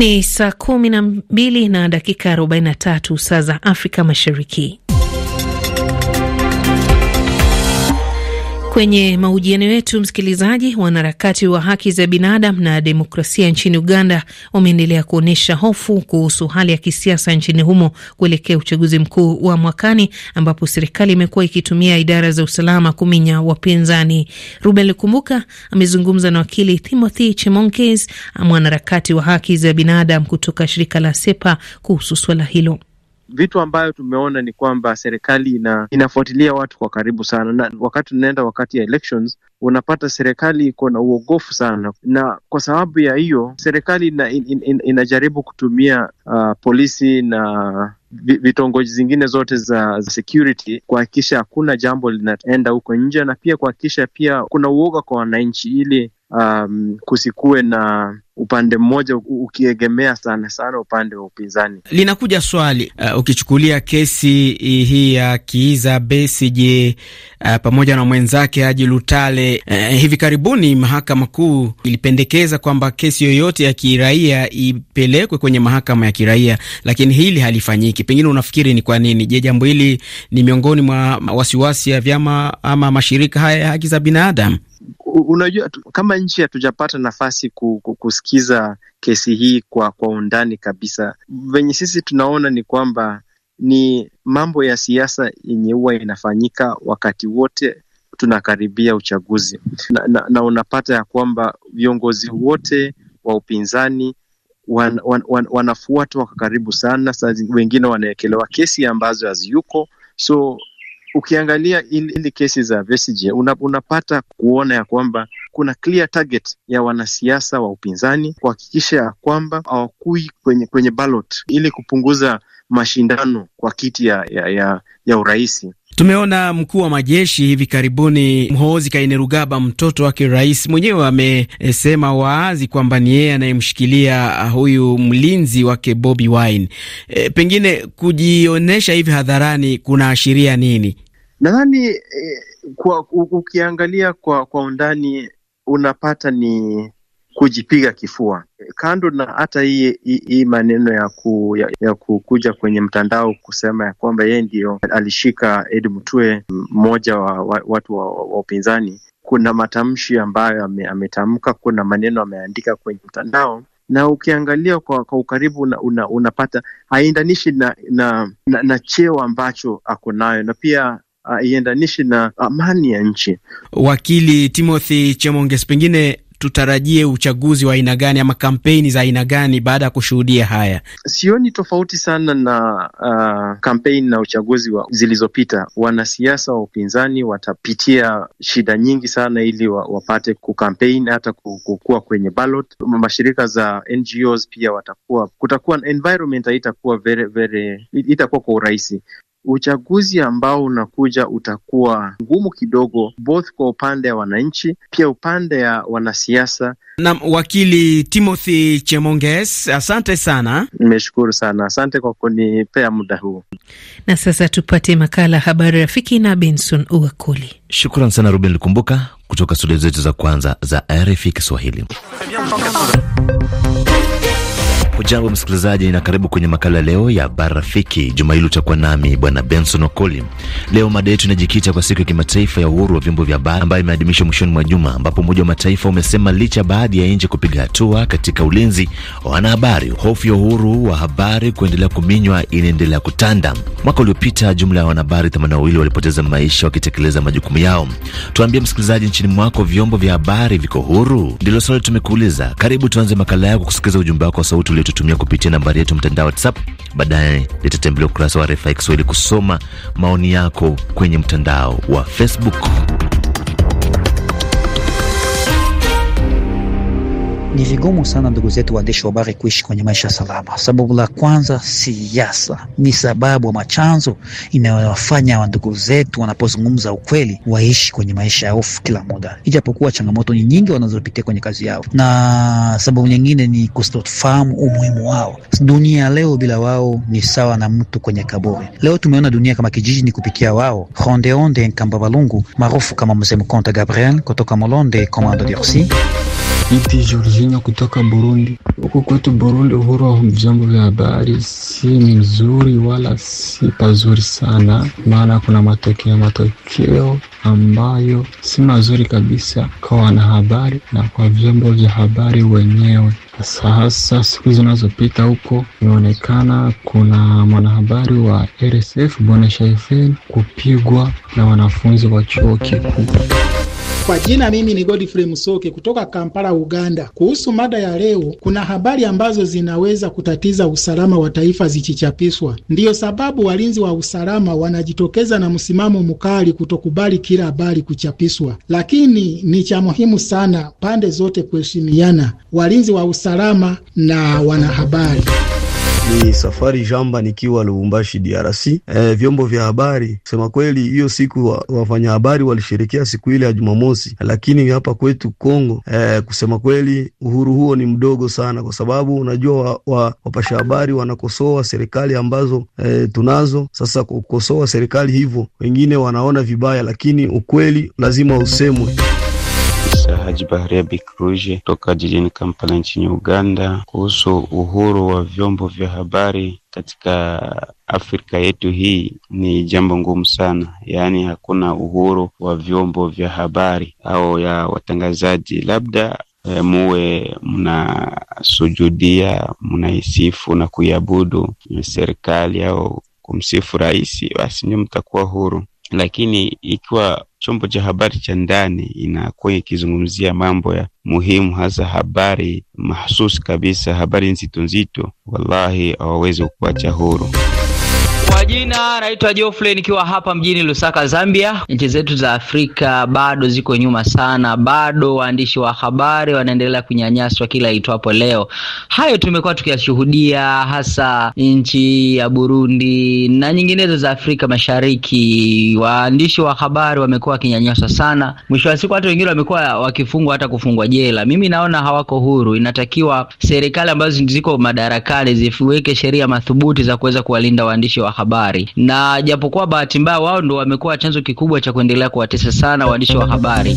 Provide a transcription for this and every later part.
Ni saa kumi na mbili na dakika arobaini na tatu saa za Afrika Mashariki. Kwenye mahojiano yetu, msikilizaji, wanaharakati wa haki za binadamu na demokrasia nchini Uganda wameendelea kuonyesha hofu kuhusu hali ya kisiasa nchini humo kuelekea uchaguzi mkuu wa mwakani, ambapo serikali imekuwa ikitumia idara za usalama kuminya wapinzani. Ruben Lukumbuka amezungumza na wakili Timothy Chemonkes, mwanaharakati wa haki za binadamu kutoka shirika la Sepa kuhusu suala hilo vitu ambayo tumeona ni kwamba serikali ina, inafuatilia watu kwa karibu sana, na wakati unaenda wakati ya elections unapata serikali iko na uogofu sana, na kwa sababu ya hiyo serikali ina, in, in, inajaribu kutumia uh, polisi na vitongoji zingine zote za, za security kuhakikisha hakuna jambo linaenda huko nje, na pia kuhakikisha pia kuna uoga kwa wananchi ili um, kusikuwe na upande mmoja ukiegemea sana sana upande wa upinzani. Linakuja swali uh, ukichukulia kesi hii ya Kiiza Besigye uh, pamoja na mwenzake Haji Lutale uh, hivi karibuni mahakama kuu ilipendekeza kwamba kesi yoyote ya kiraia ipelekwe kwenye mahakama ya kiraia, lakini hili halifanyiki. Pengine unafikiri ni kwa nini? Je, jambo hili ni miongoni mwa wasiwasi ya vyama ama mashirika haya ya haki za binadamu? Unajua kama nchi hatujapata nafasi ku, ku, kus kusikiza kesi hii kwa, kwa undani kabisa. Venye sisi tunaona ni kwamba ni mambo ya siasa yenye huwa inafanyika wakati wote tunakaribia uchaguzi na, na, na unapata ya kwamba viongozi wote wa upinzani wan, wan, wan, wanafuatwa kwa karibu sana. Saa wengine wanawekelewa kesi ambazo haziyuko, so ukiangalia ili kesi za Besigye una, unapata kuona ya kwamba kuna clear target ya wanasiasa wa upinzani kuhakikisha ya kwamba hawakui kwenye, kwenye ballot ili kupunguza mashindano kwa kiti ya, ya, ya, ya urais. Tumeona mkuu wa majeshi hivi karibuni, Muhoozi Kainerugaba, mtoto wake rais mwenyewe, amesema waazi kwamba ni yeye anayemshikilia ah, huyu mlinzi wake Bobi Wine. E, pengine kujionyesha hivi hadharani kunaashiria nini? Nadhani e, kwa ukiangalia kwa kwa undani unapata ni kujipiga kifua. Kando na hata hii hii maneno ya, ku, ya, ya kukuja kwenye mtandao kusema ya kwamba yeye ndiyo alishika Ed Mutwe, mmoja wa, wa watu wa, wa upinzani. Kuna matamshi ambayo ametamka, kuna maneno ameandika kwenye mtandao na ukiangalia kwa, kwa ukaribu una, una, unapata haiendanishi na, na, na, na cheo ambacho ako nayo na pia ah, haiendanishi na amani ya nchi. Wakili Timothy Chemonges, pengine tutarajie uchaguzi wa aina gani ama kampeni za aina gani baada ya kushuhudia haya? Sioni tofauti sana na uh, kampeni na uchaguzi wa zilizopita. Wanasiasa wa upinzani watapitia shida nyingi sana ili wa, wapate kukampeni hata kukua kwenye ballot. Mashirika za NGOs pia watakuwa, kutakuwa environment haitakuwa very, very, itakuwa kwa urahisi uchaguzi ambao unakuja utakuwa ngumu kidogo, both kwa upande ya wananchi, pia upande ya wanasiasa. Nam wakili Timothy Chemonges, asante sana. Nimeshukuru sana, asante kwa kunipea muda huu. Na sasa tupate makala habari rafiki na Benson Uwakuli. Shukran sana Ruben Likumbuka kutoka studio zetu za kwanza za RFI Kiswahili. Hujambo msikilizaji, na karibu kwenye makala leo ya Habari Rafiki. Juma hili utakuwa nami Bwana Benson Okoli. Leo mada yetu inajikita kwa siku ya kimataifa ya uhuru wa vyombo vya habari ambayo imeadhimishwa mwishoni mwa juma, ambapo Umoja wa Mataifa umesema licha baadhi ya nchi kupiga hatua katika ulinzi wa wanahabari, hofu ya uhuru wa habari kuendelea kuminywa inaendelea kutanda. Mwaka uliopita jumla ya wanahabari themanini na wawili walipoteza maisha wakitekeleza majukumu yao. Tuambie msikilizaji, nchini mwako vyombo vya habari viko huru? Ndilo swali tumekuuliza. Karibu tuanze makala yako kusikiliza ujumbe wako wa sauti kututumia kupitia nambari yetu mtandao WhatsApp. Baadaye nitatembelea ukurasa wa RFI Kiswahili kusoma maoni yako kwenye mtandao wa Facebook. Ni vigumu sana ndugu zetu waandishi wa habari kuishi kwenye maisha salama. Sababu la kwanza, siasa ni sababu ama chanzo inayowafanya wa ndugu zetu wanapozungumza ukweli waishi kwenye maisha ya hofu kila muda, ijapokuwa changamoto ni nyingi wanazopitia kwenye kazi yao, na sababu nyingine ni kustofahamu umuhimu wao. Dunia leo bila wao ni sawa na mtu kwenye kaburi. Leo tumeona dunia kama kijiji ni kupitia wao. Rondeonde Nkamba Balungu maarufu kama Mzee Mkonta Gabriel kutoka Molonde, Komando DRC. Biti Jorginho kutoka Burundi. Huku kwetu Burundi, uhuru wa vyombo vya habari si mzuri wala si pazuri sana, maana kuna matokeo matokeo ambayo si mazuri kabisa kwa wanahabari na kwa vyombo vya habari wenyewe. Sasa siku zinazopita huko inaonekana kuna mwanahabari wa RSF Bwana Shaifen kupigwa na wanafunzi wa chuo kikuu. Kwa jina mimi ni Godfrey Musoke kutoka Kampala, Uganda. Kuhusu mada ya leo, kuna habari ambazo zinaweza kutatiza usalama wa taifa zichichapiswa Ndiyo sababu walinzi wa usalama wanajitokeza na msimamo mkali kutokubali kila habari kuchapiswa, lakini ni cha muhimu sana pande zote kuheshimiana, walinzi wa usalama na wanahabari. Ni safari jamba nikiwa Lubumbashi DRC. E, eh, vyombo vya habari kusema kweli, hiyo siku wa, wafanya habari walisherekea siku ile ya Jumamosi, lakini hapa kwetu Kongo e, kusema kweli uhuru huo ni mdogo sana, kwa sababu unajua wa, wa, wapasha habari wanakosoa serikali ambazo e, tunazo. Sasa kukosoa serikali hivyo wengine wanaona vibaya, lakini ukweli lazima usemwe. Haji Baharia Bikruje kutoka jijini Kampala nchini Uganda kuhusu uhuru wa vyombo vya habari katika Afrika yetu hii ni jambo ngumu sana, yaani hakuna uhuru wa vyombo vya habari au ya watangazaji. Labda e, muwe mnasujudia, mnaisifu na kuiabudu serikali au kumsifu rais, basi ndio mtakuwa huru lakini ikiwa chombo cha habari cha ndani inakuwa ikizungumzia mambo ya muhimu, hasa habari mahsusi kabisa, habari nzito nzito, wallahi hawawezi kuacha huru majina, naitwa Geoffrey nikiwa hapa mjini Lusaka, Zambia. Nchi zetu za Afrika bado ziko nyuma sana, bado waandishi wa habari wanaendelea kunyanyaswa kila itwapo leo. Hayo tumekuwa tukiyashuhudia hasa nchi ya Burundi na nyinginezo za Afrika Mashariki. Waandishi wa habari wamekuwa wakinyanyaswa sana, mwisho wa siku watu wengine wamekuwa wakifungwa hata kufungwa jela. Mimi naona hawako huru, inatakiwa serikali ambazo ziko madarakani ziweke sheria madhubuti za kuweza kuwalinda waandishi wa habari habari, na japokuwa bahati mbaya wao ndo wamekuwa chanzo kikubwa cha kuendelea kuwatesa sana waandishi wa habari.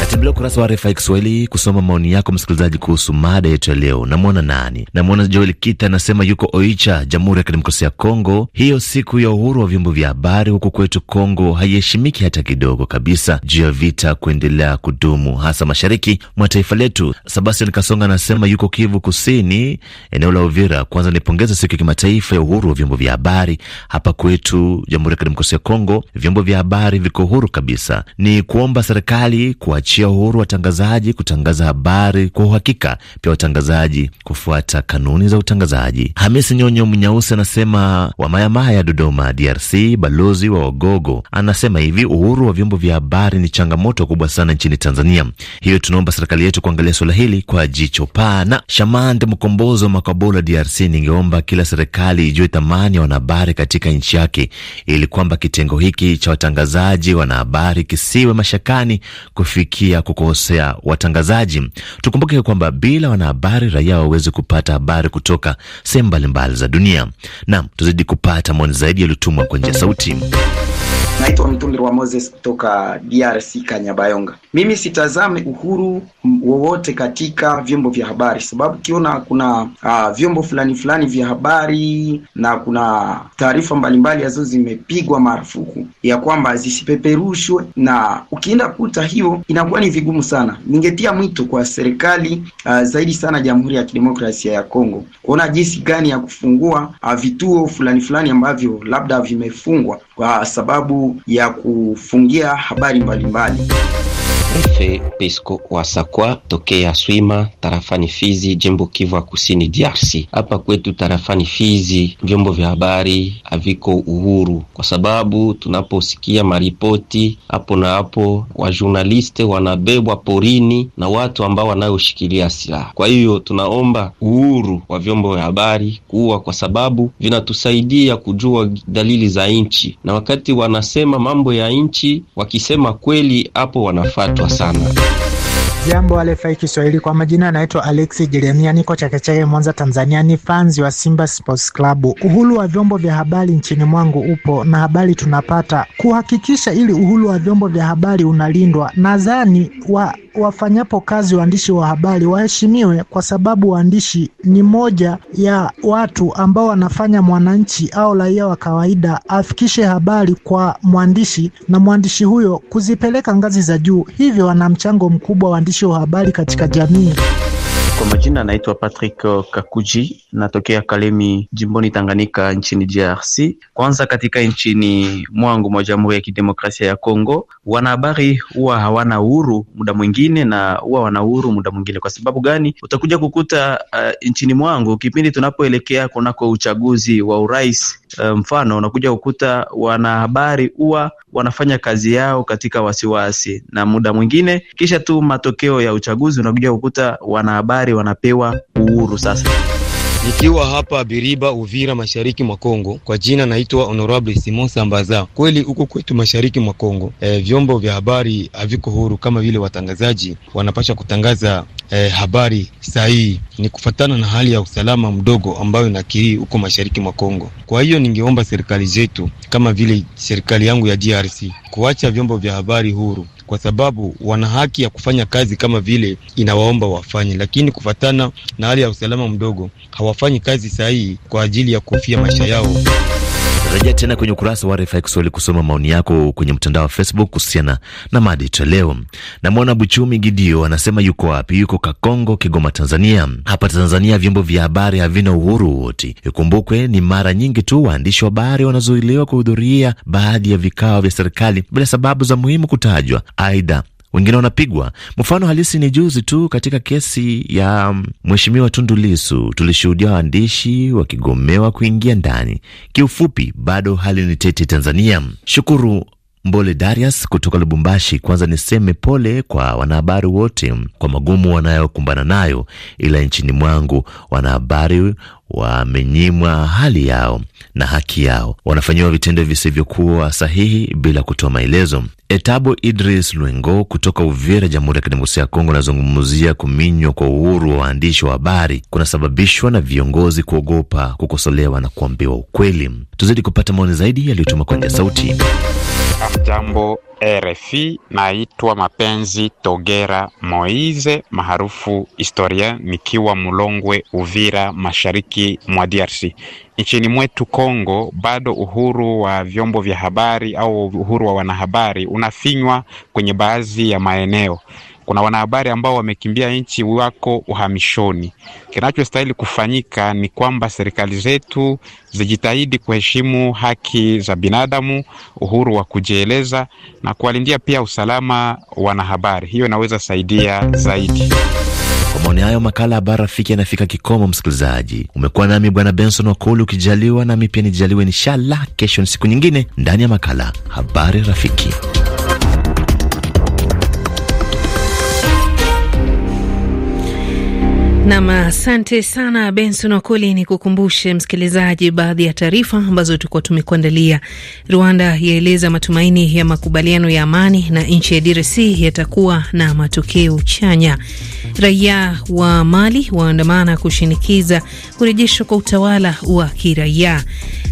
Natembelea ukurasa wa RFI Kiswahili kusoma maoni yako msikilizaji kuhusu mada yetu ya leo. Namwona nani? Namwona Joel Kita, anasema yuko Oicha, Jamhuri ya Kidemokrasia ya Kongo. Hiyo siku ya uhuru wa vyombo vya habari huku kwetu Kongo haiheshimiki hata kidogo kabisa, juu ya vita kuendelea kudumu, hasa mashariki mwa taifa letu. Sebastian Kasonga anasema yuko Kivu Kusini, eneo la Uvira. Kwanza nipongeze siku ya kimataifa ya uhuru wa vyombo vya habari. Hapa kwetu Jamhuri ya Kidemokrasia ya Kongo vyombo vya habari viko huru kabisa, ni kuomba serikali kuacha kuachia uhuru watangazaji kutangaza habari kwa uhakika, pia watangazaji kufuata kanuni za utangazaji. Hamisi Nyonyo Mnyausi anasema wa Mayamaya, Dodoma, DRC. Balozi wa Wagogo anasema hivi, uhuru wa vyombo vya habari ni changamoto kubwa sana nchini Tanzania, hiyo tunaomba serikali yetu kuangalia suala hili kwa jicho pana. Shamande Mkombozi wa Makabola, DRC, ningeomba kila serikali ijue thamani ya wanahabari katika nchi yake, ili kwamba kitengo hiki cha watangazaji wanahabari kisiwe mashakani kufikia kushughulikia kukosea watangazaji. Tukumbuke kwamba bila wanahabari, raia wawezi kupata habari kutoka sehemu mbalimbali za dunia. Naam, tuzidi kupata maoni zaidi yaliyotumwa kwa njia sauti. Naitwa Mtundiri wa Moses kutoka DRC Kanyabayonga. Mimi sitazame uhuru wowote katika vyombo vya habari, sababu kiona kuna uh, vyombo fulani fulani vya habari na kuna taarifa mbalimbali azo zimepigwa marufuku ya kwamba zisipeperushwe, na ukienda kuta hiyo inakuwa ni vigumu sana. Ningetia mwito kwa serikali uh, zaidi sana Jamhuri ya Kidemokrasia ya Kongo kuona jinsi gani ya kufungua uh, vituo fulani fulani ambavyo labda vimefungwa kwa sababu ya kufungia habari mbalimbali mbali. Refe Pesco wa Sakwa tokea Swima tarafani Fizi, jimbo Kivu ya Kusini, DRC. Hapa kwetu tarafani Fizi vyombo vya habari haviko uhuru, kwa sababu tunaposikia maripoti hapo na hapo, wajurnaliste wanabebwa porini na watu ambao wanayoshikilia silaha. Kwa hiyo tunaomba uhuru wa vyombo vya habari kuwa, kwa sababu vinatusaidia kujua dalili za nchi, na wakati wanasema mambo ya nchi, wakisema kweli hapo wanafuata passando. É? Jambo alefai Kiswahili, kwa majina anaitwa Alex Jeremia, niko Chakechake, Mwanza, Tanzania. Ni fanzi wa Simba Sports Club. Uhuru wa vyombo vya habari nchini mwangu upo na habari tunapata kuhakikisha ili uhuru wa vyombo vya habari unalindwa. Nadhani wa wafanyapo kazi waandishi wa habari waheshimiwe, kwa sababu waandishi ni moja ya watu ambao wanafanya mwananchi au raia wa kawaida afikishe habari kwa mwandishi na mwandishi huyo kuzipeleka ngazi za juu, hivyo wana mchango mkubwa waandishi waandishi wa habari katika jamii. Kwa majina anaitwa Patrick Kakuji, natokea Kalemi, jimboni Tanganyika, nchini DRC. Kwanza katika nchini mwangu mwa Jamhuri ya Kidemokrasia ya Kongo, wanahabari huwa hawana uhuru muda mwingine, na huwa wana uhuru muda mwingine. Kwa sababu gani? Utakuja kukuta uh, nchini mwangu kipindi tunapoelekea kunako uchaguzi wa urais Eh, mfano, unakuja kukuta wanahabari huwa wanafanya kazi yao katika wasiwasi, na muda mwingine kisha tu matokeo ya uchaguzi unakuja kukuta wanahabari wanapewa uhuru sasa. Nikiwa hapa Biriba, Uvira, mashariki mwa Kongo. Kwa jina naitwa Honorable Simon Sambaza. Kweli huko kwetu mashariki mwa Kongo e, vyombo vya habari haviko huru kama vile watangazaji wanapasha kutangaza e, habari sahihi, ni kufatana na hali ya usalama mdogo ambayo inakiri huko mashariki mwa Kongo. Kwa hiyo ningeomba serikali zetu kama vile serikali yangu ya DRC kuacha vyombo vya habari huru kwa sababu wana haki ya kufanya kazi kama vile inawaomba wafanye, lakini kufatana na hali ya usalama mdogo hawafanyi kazi sahihi kwa ajili ya kuhofia maisha yao. Rejea tena kwenye ukurasa wa RFI Kiswahili kusoma maoni yako kwenye mtandao wa Facebook kuhusiana na mada yetu leo. Namwona Buchumi Gidio anasema yuko wapi? Yuko Kakongo, Kigoma, Tanzania. Hapa Tanzania vyombo vya habari havina uhuru wote. Ikumbukwe ni mara nyingi tu waandishi wa habari wanazuiliwa kuhudhuria baadhi ya vikao vya serikali bila sababu za muhimu kutajwa. Aidha, wengine wanapigwa. Mfano halisi ni juzi tu katika kesi ya mm, mheshimiwa Tundu tulishuhudia waandishi wakigomewa kuingia ndani. Kiufupi, bado hali ni tete Tanzania. Shukuru Mbole Darius kutoka Lubumbashi. Kwanza niseme pole kwa wanahabari wote kwa magumu wanayokumbana nayo, ila nchini mwangu wanahabari wamenyimwa hali yao na haki yao, wanafanyiwa vitendo visivyokuwa sahihi bila kutoa maelezo. Etabo Idris Lwengo kutoka Uvira, Jamhuri ya Kidemokrasia ya Kongo, anazungumzia kuminywa kwa uhuru wa waandishi wa habari kunasababishwa na viongozi kuogopa kukosolewa na kuambiwa ukweli. Tuzidi kupata maoni zaidi yaliyotuma kwenye sauti. Jambo RFI. Naitwa Mapenzi Togera Moize, maarufu Historia, nikiwa Mulongwe, Uvira, mashariki mwa DRC. Nchini mwetu Kongo, bado uhuru wa vyombo vya habari au uhuru wa wanahabari unafinywa kwenye baadhi ya maeneo kuna wanahabari ambao wamekimbia nchi, wako uhamishoni. Kinachostahili kufanyika ni kwamba serikali zetu zijitahidi kuheshimu haki za binadamu, uhuru wa kujieleza na kuwalindia pia usalama wanahabari. Hiyo inaweza saidia zaidi. Kwa maoni hayo, makala ya Habari Rafiki yanafika kikomo. Msikilizaji, umekuwa nami Bwana Benson Wakoli, ukijaliwa nami pia nijaliwe, inshallah kesho ni siku nyingine ndani ya makala Habari Rafiki. Nam, asante sana Benson Wakoli. Ni kukumbushe msikilizaji baadhi ya taarifa ambazo tulikuwa tumekuandalia. Rwanda yaeleza matumaini ya makubaliano ya amani na nchi ya DRC yatakuwa na matokeo chanya. Raia wa Mali waandamana kushinikiza kurejeshwa kwa utawala wa kiraia,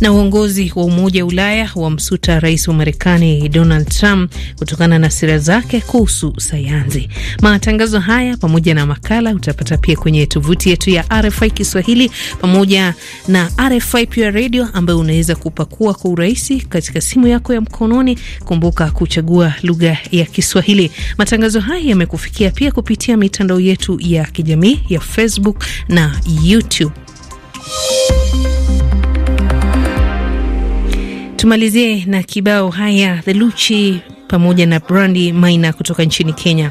na uongozi wa Umoja wa Ulaya wamsuta rais wa Marekani Donald Trump kutokana na sera zake kuhusu sayansi. Matangazo haya pamoja na makala utapata pia kwenye kwenye tovuti yetu ya RFI Kiswahili pamoja na RFI Pure Radio ambayo unaweza kupakua kwa urahisi katika simu yako ya mkononi. Kumbuka kuchagua lugha ya Kiswahili. Matangazo haya yamekufikia pia kupitia mitandao yetu ya kijamii ya Facebook na YouTube. Tumalizie na kibao haya Luchi pamoja na Brandy Maina kutoka nchini Kenya.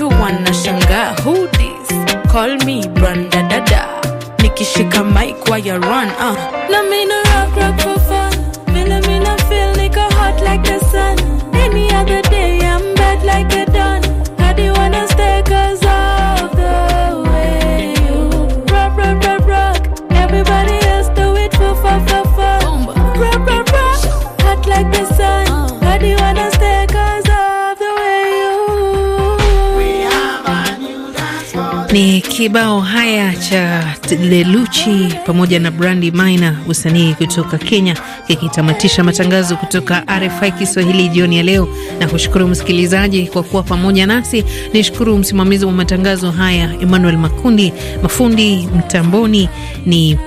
watu wanashangaa who this call me brandadada nikishika mic waya run uh. na mimi kibao haya cha Leluchi pamoja na Brandi mina usanii kutoka Kenya, kikitamatisha matangazo kutoka RFI Kiswahili jioni ya leo, na kushukuru msikilizaji kwa kuwa pamoja nasi. Nishukuru msimamizi wa matangazo haya Emmanuel Makundi, mafundi mtamboni ni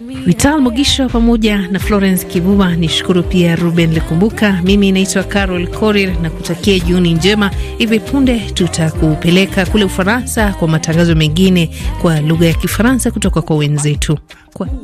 Vital Mogisho pamoja na Florence Kibuba. shukuru pia Ruben Likumbuka. Mimi naitwa Carol Korir na kutakia jioni njema. Hivi punde tutakupeleka kule Ufaransa kwa matangazo mengine kwa lugha ya Kifaransa kutoka kwa wenzetu kwa